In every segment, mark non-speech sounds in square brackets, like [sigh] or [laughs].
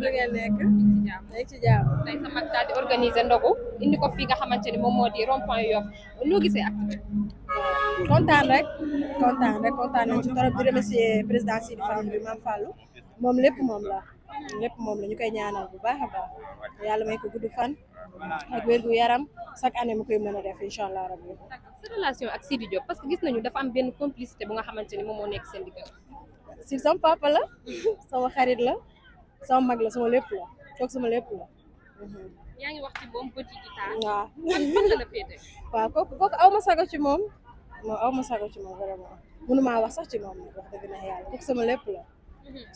lu ngeen nekk. nekk ci jàmm tey sa mag daal di organiser ndogu indi ko fii nga xamante ni moom moo di rond point Yoff noo gisee ak. kontaan rek kontaan rek kontaan nañ ci torop di remercier président Sidi Fall bi Mame Fallou moom la lépp moom la ñu koy ñaanal bu baax a baax yàlla may ko gudd fan ak wér gu yaram chaque année mu koy mën a def incha allah rabbi. sa relation ak Sidi Diop parce que gis nañu dafa am benn complicité bu nga xamante ni moom moo nekk seen diggante. si sama papa la [laughs] sama xarit la. sama mag la sama lépp la kooku sama lépp la. yaa ngi wax ci moom bët yi la la féete. [laughs] aw ma sago ci moom moom aw ma sago ci moom vraiment mënumaa wax sax ci moom sama lépp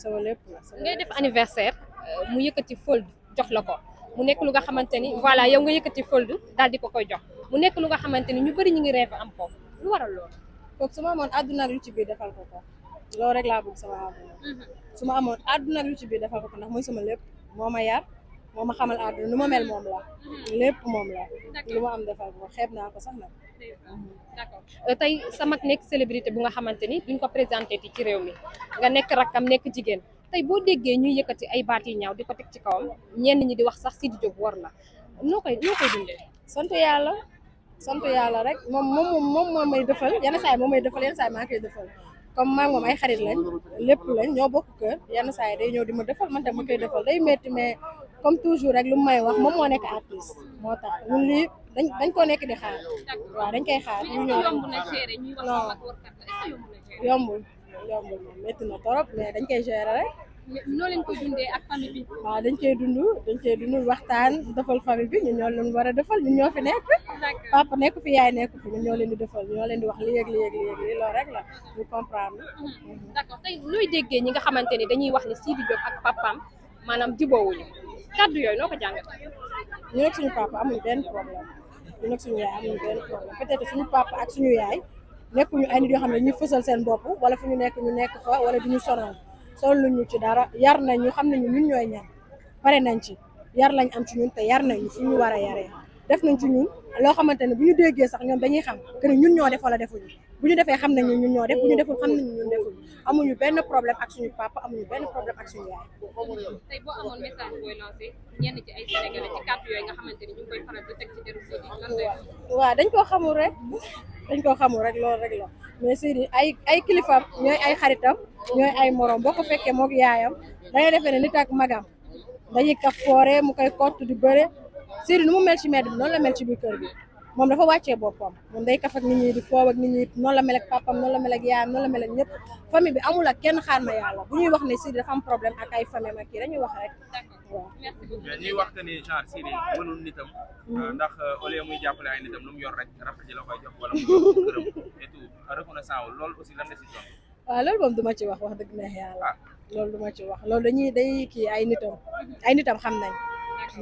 sama lépp la mhm. def anniversaire euh, mu yëkkati fold jox la ko mu nekk lu nga xamante ni voilà yow nga yëkkati fold daal di ko koy jox mu nekk lu nga xamante ni ñu bëri ñu ngi rêve am ko lu waral lool kooku su ma amoon àdduna lu ci biir defal ko ko. loolu rek laa bëgg sama àdduna mhm. su ma amoon àdduna ak YouTube bi defal ko ndax muy sama lépp moo ma yar moo ma xamal àdduna lu ma mel moom la mhm. lépp moom la lu ma am defal ko xeeb naa ko sax nag d'accord mhm. euh, tey sa mag nekk bu nga xamante ni duñ ko présenté ti ci réew mi nga nekk rakkam nekk jigéen tey boo déggee ñuy yëkkati ay baat yi ñaaw di ko ci kawam ñenn ñi di wax sax Sidi Diop war la noo koy noo koy dundee sant yàlla sant yàlla rek moom moom moom moom may defal yenn saa yi moom may defal yenn saa yi maa koy defal comme maa moom ay xarit lañ lépp lañ ñoo bokk kër yenn saa yi day ñëw di ma defal man tam ma koy defal day métti mais comme toujours rek lu may wax moom moo nekk artiste moo tax ñun lii dañ dañ koo nekk di xaar waaw dañ koy xaar ñu ñëw non yombul yombul moom na torop mais dañ koy gérer rek noo leen koy dundee ak famille bi. dañ cee dund dañ cee dund waxtaan defal famille bi ñun ñoo war a defal ñun ñoo fi nekk. papa nekk fi yaay nekk fi ñoo leen di defal ñoo leen di wax lii ak lii rek la ñu comprendre. Mhm. d'accord tey looy déggee ñi nga xamante ni dañuy wax ni Sidy Diop ak papaam maanaam jubóowuñu kaddu yooyu noo ko jàngat. ñu suñu papa amuñu benn problème ñu nekk suñu yaay amuñu benn ak suñu yaay nekkuñu ay nit yoo xam ne ñu fësal seen bopp wala fu ñu nekk ñu nekk fa wala du ñu sonal sol luñu ci dara yar ñu xam nañu ñun ñooy ñan pare nañ ci yar lañ am ci ñun te yar nañu fu ñu war a yaree def nañ ci ñun loo xamante ne bu ñu déggee sax ñoom dañuy xam que ñun ñoo def wala defuñu bu ñu defee xam nañu ñu deful xam nañu ñun defuñu amuñu benn problème benn problème suñu yaay. tey boo amoon message booy lancé ñenn ci ay Sénégalais ci kàddu yooyu nga xamante waaw dañ koo xamul rek dañ koo xamul rek loolu rek la mais Sidi ay ay kilifaam ñooy ay xaritam ñooy ay morom boo ko fekkee moog yaayam dangay defee ne nit ak magam dañuy kaf foore mu koy kott di bëre Sidy nu mu mel ci mbedd bi noonu la mel ci biir kër bi moom dafa wàccee boppam moom day kaf ak nit ñi di foow nit ñi noonu la mel ak papam noonu la mel ak yaayam noonu la mel ak ñëpp famille bi amul ak kenn xaar ma yàlla bu ñuy wax ne Sidy dafa am problème ak ay famille ak kii dañuy wax rek wax que ni genre Sidy mënul nitam mm-hmm. euh, ndax euh, au lieu muy jàppale ay nitam lu mu yor rek rafet ji la koy jox wala loolu aussi lan nga waaw loolu moom du ma ci wax wax dëgg neex yàlla ah. loolu du ma ci wax loolu dañuy day kii ay nitam ay nitam xam nañ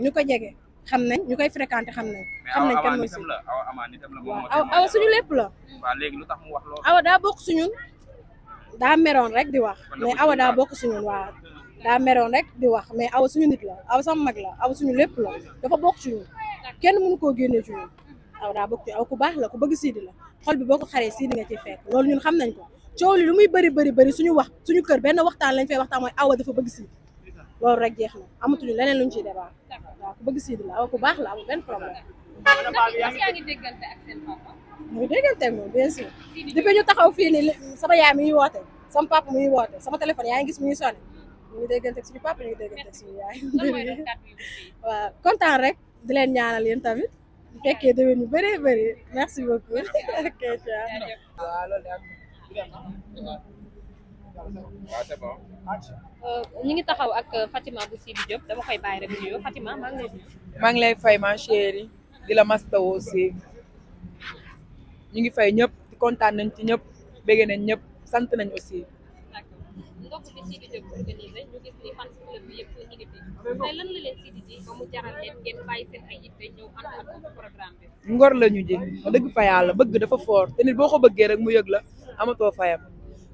ñu ko jege xam nañ ñu koy fréquenté xam nañ xam nañ kan mooy si lépp la waaw awa daa bokk suñun daa meroon rek di wax mais awa daa bokk suñun waaw daa meroon rek di wax mais awa suñu nit la awa mag la awa suñu lépp la dafa bokk ci ñun kenn mënu koo génne su ñun aw daa bokk ci aw ku baax la ku bëgg siidi la xol bi boo ko xaree siidi nga ciy fekk loolu ñun xam nañ ko coow li lu muy bëri bëri bëri suñu wax suñu kër benn waxtaan lañ fay waxtaan mooy dafa bëgg siidi loolu rek jeex na amatuñu leneen luñ ciy débat waaw ku bëgg siidi la awa ku baax la amul benn problème. yaa déggante mu ngi déggante moom bien sûr. depuis ñu taxaw fii nii sama yaay mi ngi woote sama papa mi ngi woote sama téléphone yaa gis mi ngi sonné ñu ngi déggante ak suñu papa ñu ngi déggante ak suñu yaay. kontaan rek di leen ñaanal yéen tamit. fekkee déwén mu bëree bëri merci beaucoup. [laughs] ok waaw euh, c'est ñu ngi taxaw ak euh, Fatima bu Sidy Diop dama koy bàyyi rek nuyoo Fatima maa ngi lay. maa ngi lay fay ma di la mastaw aussi ñu ngi fay ñëpp kontaan nañ ci ñëpp bëgg nañ ñëpp sant nañ aussi. ndogu bi ji ba ngor la ñu dëgg fa bëgg dafa fort te nit boo ko bëggee rek mu yëg la. amatoo fayam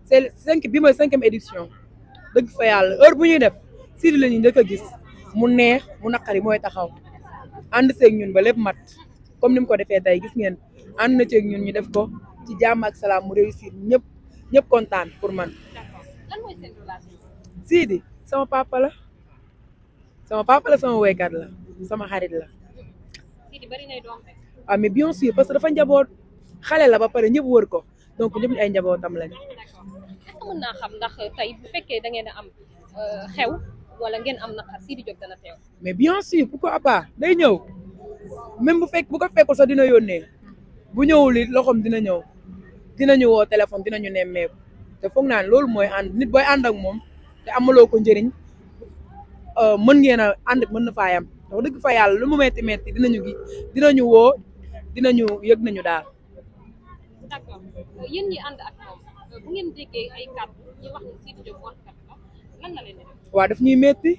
c'est cinq bi mooy cinquième édition dëgg fa yàlla heure bu ñuy def Sidy la ñuy njëkk a gis mu neex mu naqari mooy taxaw ànd seeg ñun ba lépp mat comme ni mu ko defee tey gis ngeen ànd na ceeg ñun ñu def ko ci jàmm ak salaam mu réussir ñëpp ñëpp kontaan pour man. lan sama papa la sama papa sama woykat la sama xarit la. Sidy bari ngay ah, parce que dafa njaboot xale la ba pare ñëpp wër ko. donc ñëpp ñu ay njabootam lañ. est-ce xam ndax tey bu da ngeen a am euh, xew wala ngeen am naqar Sidy mais bien sûr pourquoi pas day ñëw même bu fekk bu ko fekkul sax dina yónnee bu ñëwul it loxoom dina ñëw dinañu woo téléphone dinañu nemmeeku te foog naa loolu mooy ànd nit booy ànd ak moom te amaloo ko njëriñ euh, mën ngeen a ànd mën na faayam yam ndax dëgg fa yàlla lu mu metti metti dinañu gi dinañu woo dinañu yëg nañu daal. yéen ñi ànd ak moom bu ay kàddu ñi def. waaw daf ñuy métti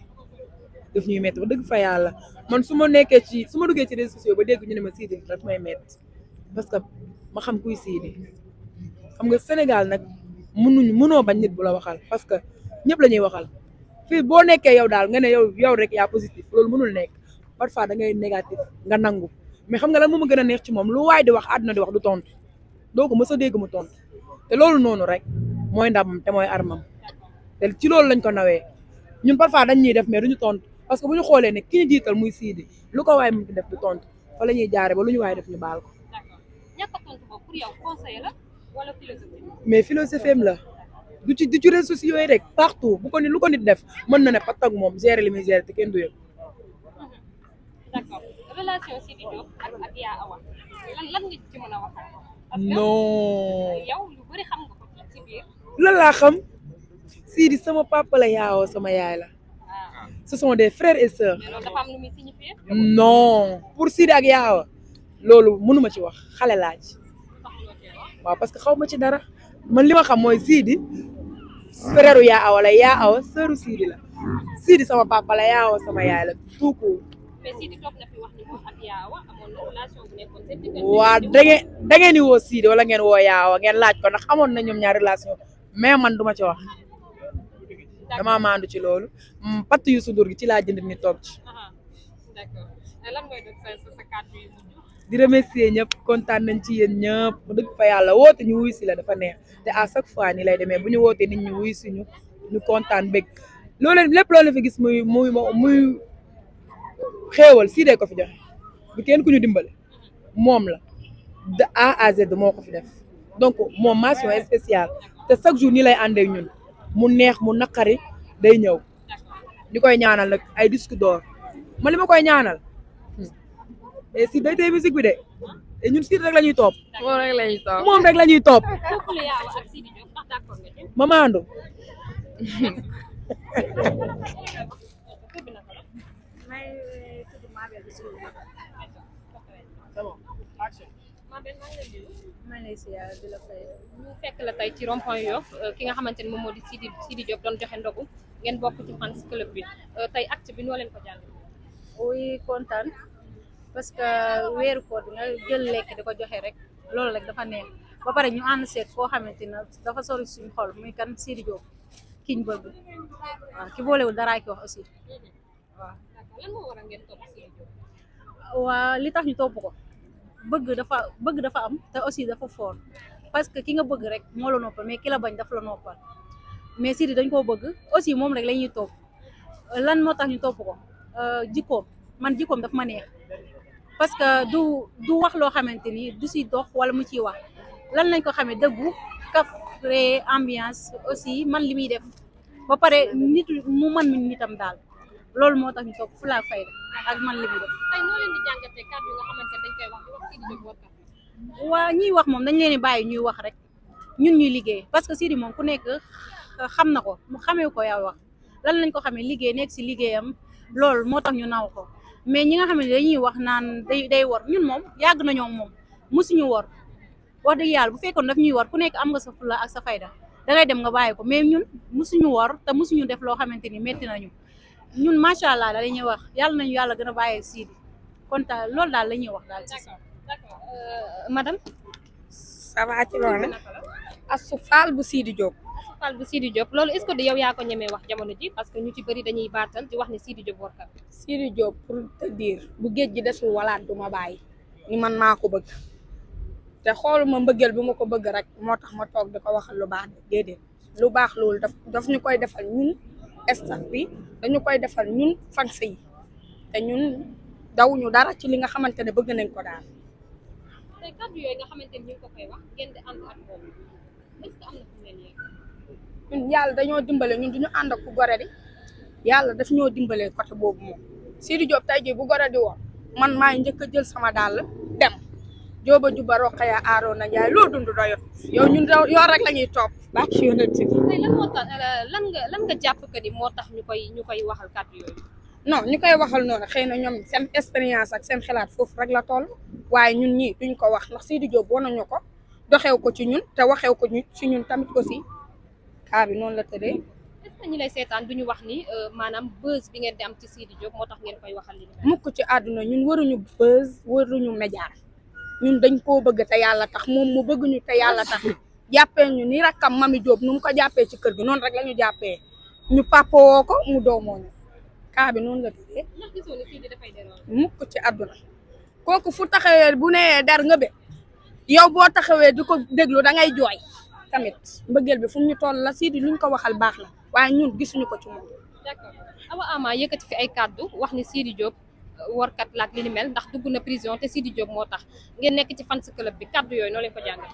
daf ñuy métti wax dëgg fa yàlla man su ma nekkee ci su ma duggee ci réseaux sociaux ba dégg ñu ne ma Sidy daf may métti parce que ma xam kuy Sidy xam nga Sénégal nag mënuñu mënoo bañ nit bu la waxal parce que ñëpp la ñuy waxal fii boo nekkee yow daal nga ne yow yow rek yaa positif loolu mënul nekk parfois da ngay négatif nga nangu mais xam nga la moo a gën a neex ci moom lu waay di wax àdduna di wax du tontu. doo ko mës a dégg mu tontu te loolu noonu rek mooy ndam te mooy armam te ci loolu lañ ko nawee ñun parfois dañ ñuy def mais ñu tont parce que bu ñu xoolee ne ki ñu jiital muy Sidi lu ko waaye mu def du tontu fa la ñuy jaare ba ñu waaye def ñu baal ko. ñàkk la wala ci ci réseaux yooyu rek partout bu ko ni lu ko nit def mën na ne pat moom gérer li muy gérer te kenn du non yow lu bëri laa xam Sidi sama papa la sama yaay la. Ah. ce sont des frères et sœurs. non pour Sidi ak yaawa loolu mënu ma ci wax xale laaj parce que xaw ma ci dara man li ma xam mooy siidi frère yaa awa la yaa awa sœuru Sidi la Sidi sama papa la sama yaay la tout court waaw da ngeen di woo Sidi wala ngeen woo Yaawa ngeen laaj ko ndax amoon na ñoom ñaar relation mais man duma ci wax dama maandu ci loolu mm, patt yu sundur gi ci laa jënd ni toog ci euh, di remercier ñëpp kontaan nañ ci yéen ñëpp dëgg fa yàlla woote ñu wuy si la dafa neex te à chaque fois ni lay demee bu ñu wootee nit ñu wuy ñu ñu kontaan bég loolu lépp loolu fi gis muy muy xéewal sii dee ko fi joxe bu kenn ku ñu dimbale moom la de A à de moo ko fi def donc moom mention spéciale te chaque jour nii lay àndee ñun mu neex mu naqari day ñëw di koy ñaanal nag ay disque d'or ma li ma koy ñaanal et si day tey musique bi de et ñun Sidy rek la ñuy topp. moom rek la ñuy moom rek la ñuy topp. [laughs] Mamadou. [laughs] c'est Malaysia di la fay. ñu fekk la tey ci rond point Yoff ki nga xamante ni moom moo di Sidi Sidi Diop doon joxe ndogu ngeen bokk ci fans club bi tey acte bi noo leen ko jàng. oui kontaan parce que weeru koor bi nga jël lekk di ko joxe rek loolu rek dafa neex ba pare ñu ànd seet koo xamante ne dafa sori suñu xol muy kan Sidi Diop ah, ki ñu bëgg waaw ki boolewul daraay ki wax aussi waaw. lan moo waa li tax ñu topp ko bëgg dafa bëgg dafa am te aussi dafa foor parce que ki nga bëgg rek moo la noppal mais ki la bañ dafa la noppal mais Sidy dañ koo bëgg aussi moom rek la ñuy topp lan moo tax ñu topp ko euh, jikkoom man jikkoom daf ma neex parce que du du wax loo xamante ni du si dox wala mu ciy wax lan lañ ko xamee dëggu kaf ambiance aussi man li muy def ba pare nit mu mën mi nitam daal loolu moo tax ñu toog fu laa fayda ak man li mu def. tey noo leen dañ koy waa ñuy wax moom dañ leen di bàyyi ñuy wax rek ñun ñuy liggéey parce que Sidi moom ku nekk euh, xam na ko mu xamee ko yaa wax lan lañ ko xamee liggéey nekk si liggéeyam loolu moo tax ñu naw ko mais ñi nga xam ne dañuy wax naan day day war ñun moom yàgg nañoo moom musuñu war wax di yàlla bu fekkoon daf ñuy war ku nekk am nga sa fulla ak sa fayda dangay dem nga bàyyi ko mais ñun musuñu war te musuñu def loo xamante ni métti nañu. ñun macha allah da la ñuy wax yàlla nañu yàlla gën a bàyyi ak Sidi kontaan loolu daal la ñuy wax daal. d'accord d'accord madame. ça va ci loolu Astou Fall bu Sidi Diop. Astou Fall bu Sidi Diop loolu est-ce que du yow yaa ko ñemee wax jamono ji parce que ñu ci bëri dañuy baatal di wax ne Sidi Diop warkat. Sidi Diop pour te dire bu géej gi desul walaat du ma bàyyi ni man maa ko bëgg te xooluma mbëggeel bi ma ko bëgg rek moo tax ma toog da ko waxal lu baax déedéet lu baax loolu daf daf ñu koy defal staff bi dañu koy defar ñun fans yi te ñun dawuñu dara ci li nga xamante ne bëgg nañ ko daal. tey kàddu yooyu yàlla dañoo dimbale ñun duñu ànd ak ku gore di yàlla daf ñoo dimbale côté boobu moom Sidi Diop tey jii bu gore di woon man maay njëkk a jël sama dàll. jóoba juba roqaya aaroona njaay loo dund doyot yoo ñun yow rek la ñuy topp baax ci yonent bi lan moo tax euh, lan nga lan nga jàpp que ni moo tax ñu koy ñu koy waxal kat yooyu no ñu koy waxal noonu xëy na ñoom seen expérience ak seen xalaat foofu rek la toll waaye ñun ñii duñ ko wax ndax Sidi Diop wan nañu ko doxew ko ci ñun te waxew ko ñu ci ñun tamit ko si bi noonu la tëddee est-ce que ñi lay seetaan duñu wax euh, maanaam buzz bi ngeen di am ci Sidi Diop moo tax ngeen koy waxal li mukk ci àdduna ñun waruñu buzz waruñu média ñun dañ koo bëgg te yàlla tax moom mu bëgguñu ñu te yàlla tax jàppee ñu ni rakkam mami Diop nu mu ko jàppee ci kër gi noonu rek lañu jàppee ñu pàppoo ko mu doomoo ñu kaa bi noonu la tuddee mukk ci àdduna kooku fu taxawee bu nee dar nga be yow boo taxawee di ko déglu da ngay jooy tamit mbëggeel bi fu mu ñu toll la sii di luñ ko waxal baax na waaye ñun gisuñu ko ci moom. d'accord Awa Ama yëkkati fi ay kàddu wax ni siidi jóob workat laak li ni mel ndax dugg na prison te Sidi Diop moo tax ngeen nekk ci fan fans club bi kàddu yooyu noo leen ko jàngal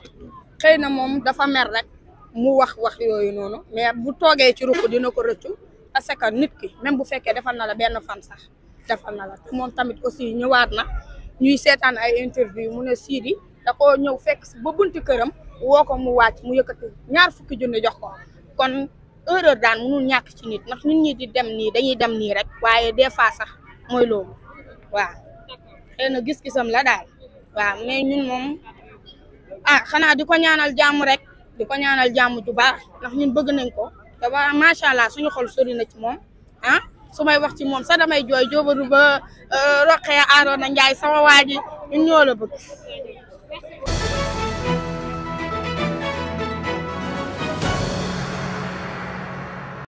xëy na moom dafa mer rek mu wax wax yooyu noonu mais bu toogee ci ruq dina ko rëccu parce que nit ki même bu fekkee defal na la benn fan sax defal na la moom tamit aussi ñëwaat na ñuy seetaan ay interview mu ne siidi da koo ñëw fekk ba bunti këram woo ko mu wàcc mu yëkkati ñaar fukki junni jox ko kon erreur daan mënul ñàkk ci nit ndax nit ñi di dem nii dañuy dem nii rek waaye des fois sax mooy loolu waaw xëy na gis-gisam la daal waaw mais ñun moom ah xanaa di ko ñaanal jàmm rek di ko ñaanal jàmm ju baax ndax ñun bëgg nañ ko te ba allah suñu xol sori na ci moom ah su may wax ci moom sax damay jooy joobaru ba euh, roqee aaroona njaay sama waa ji ñun ñoo la bëgg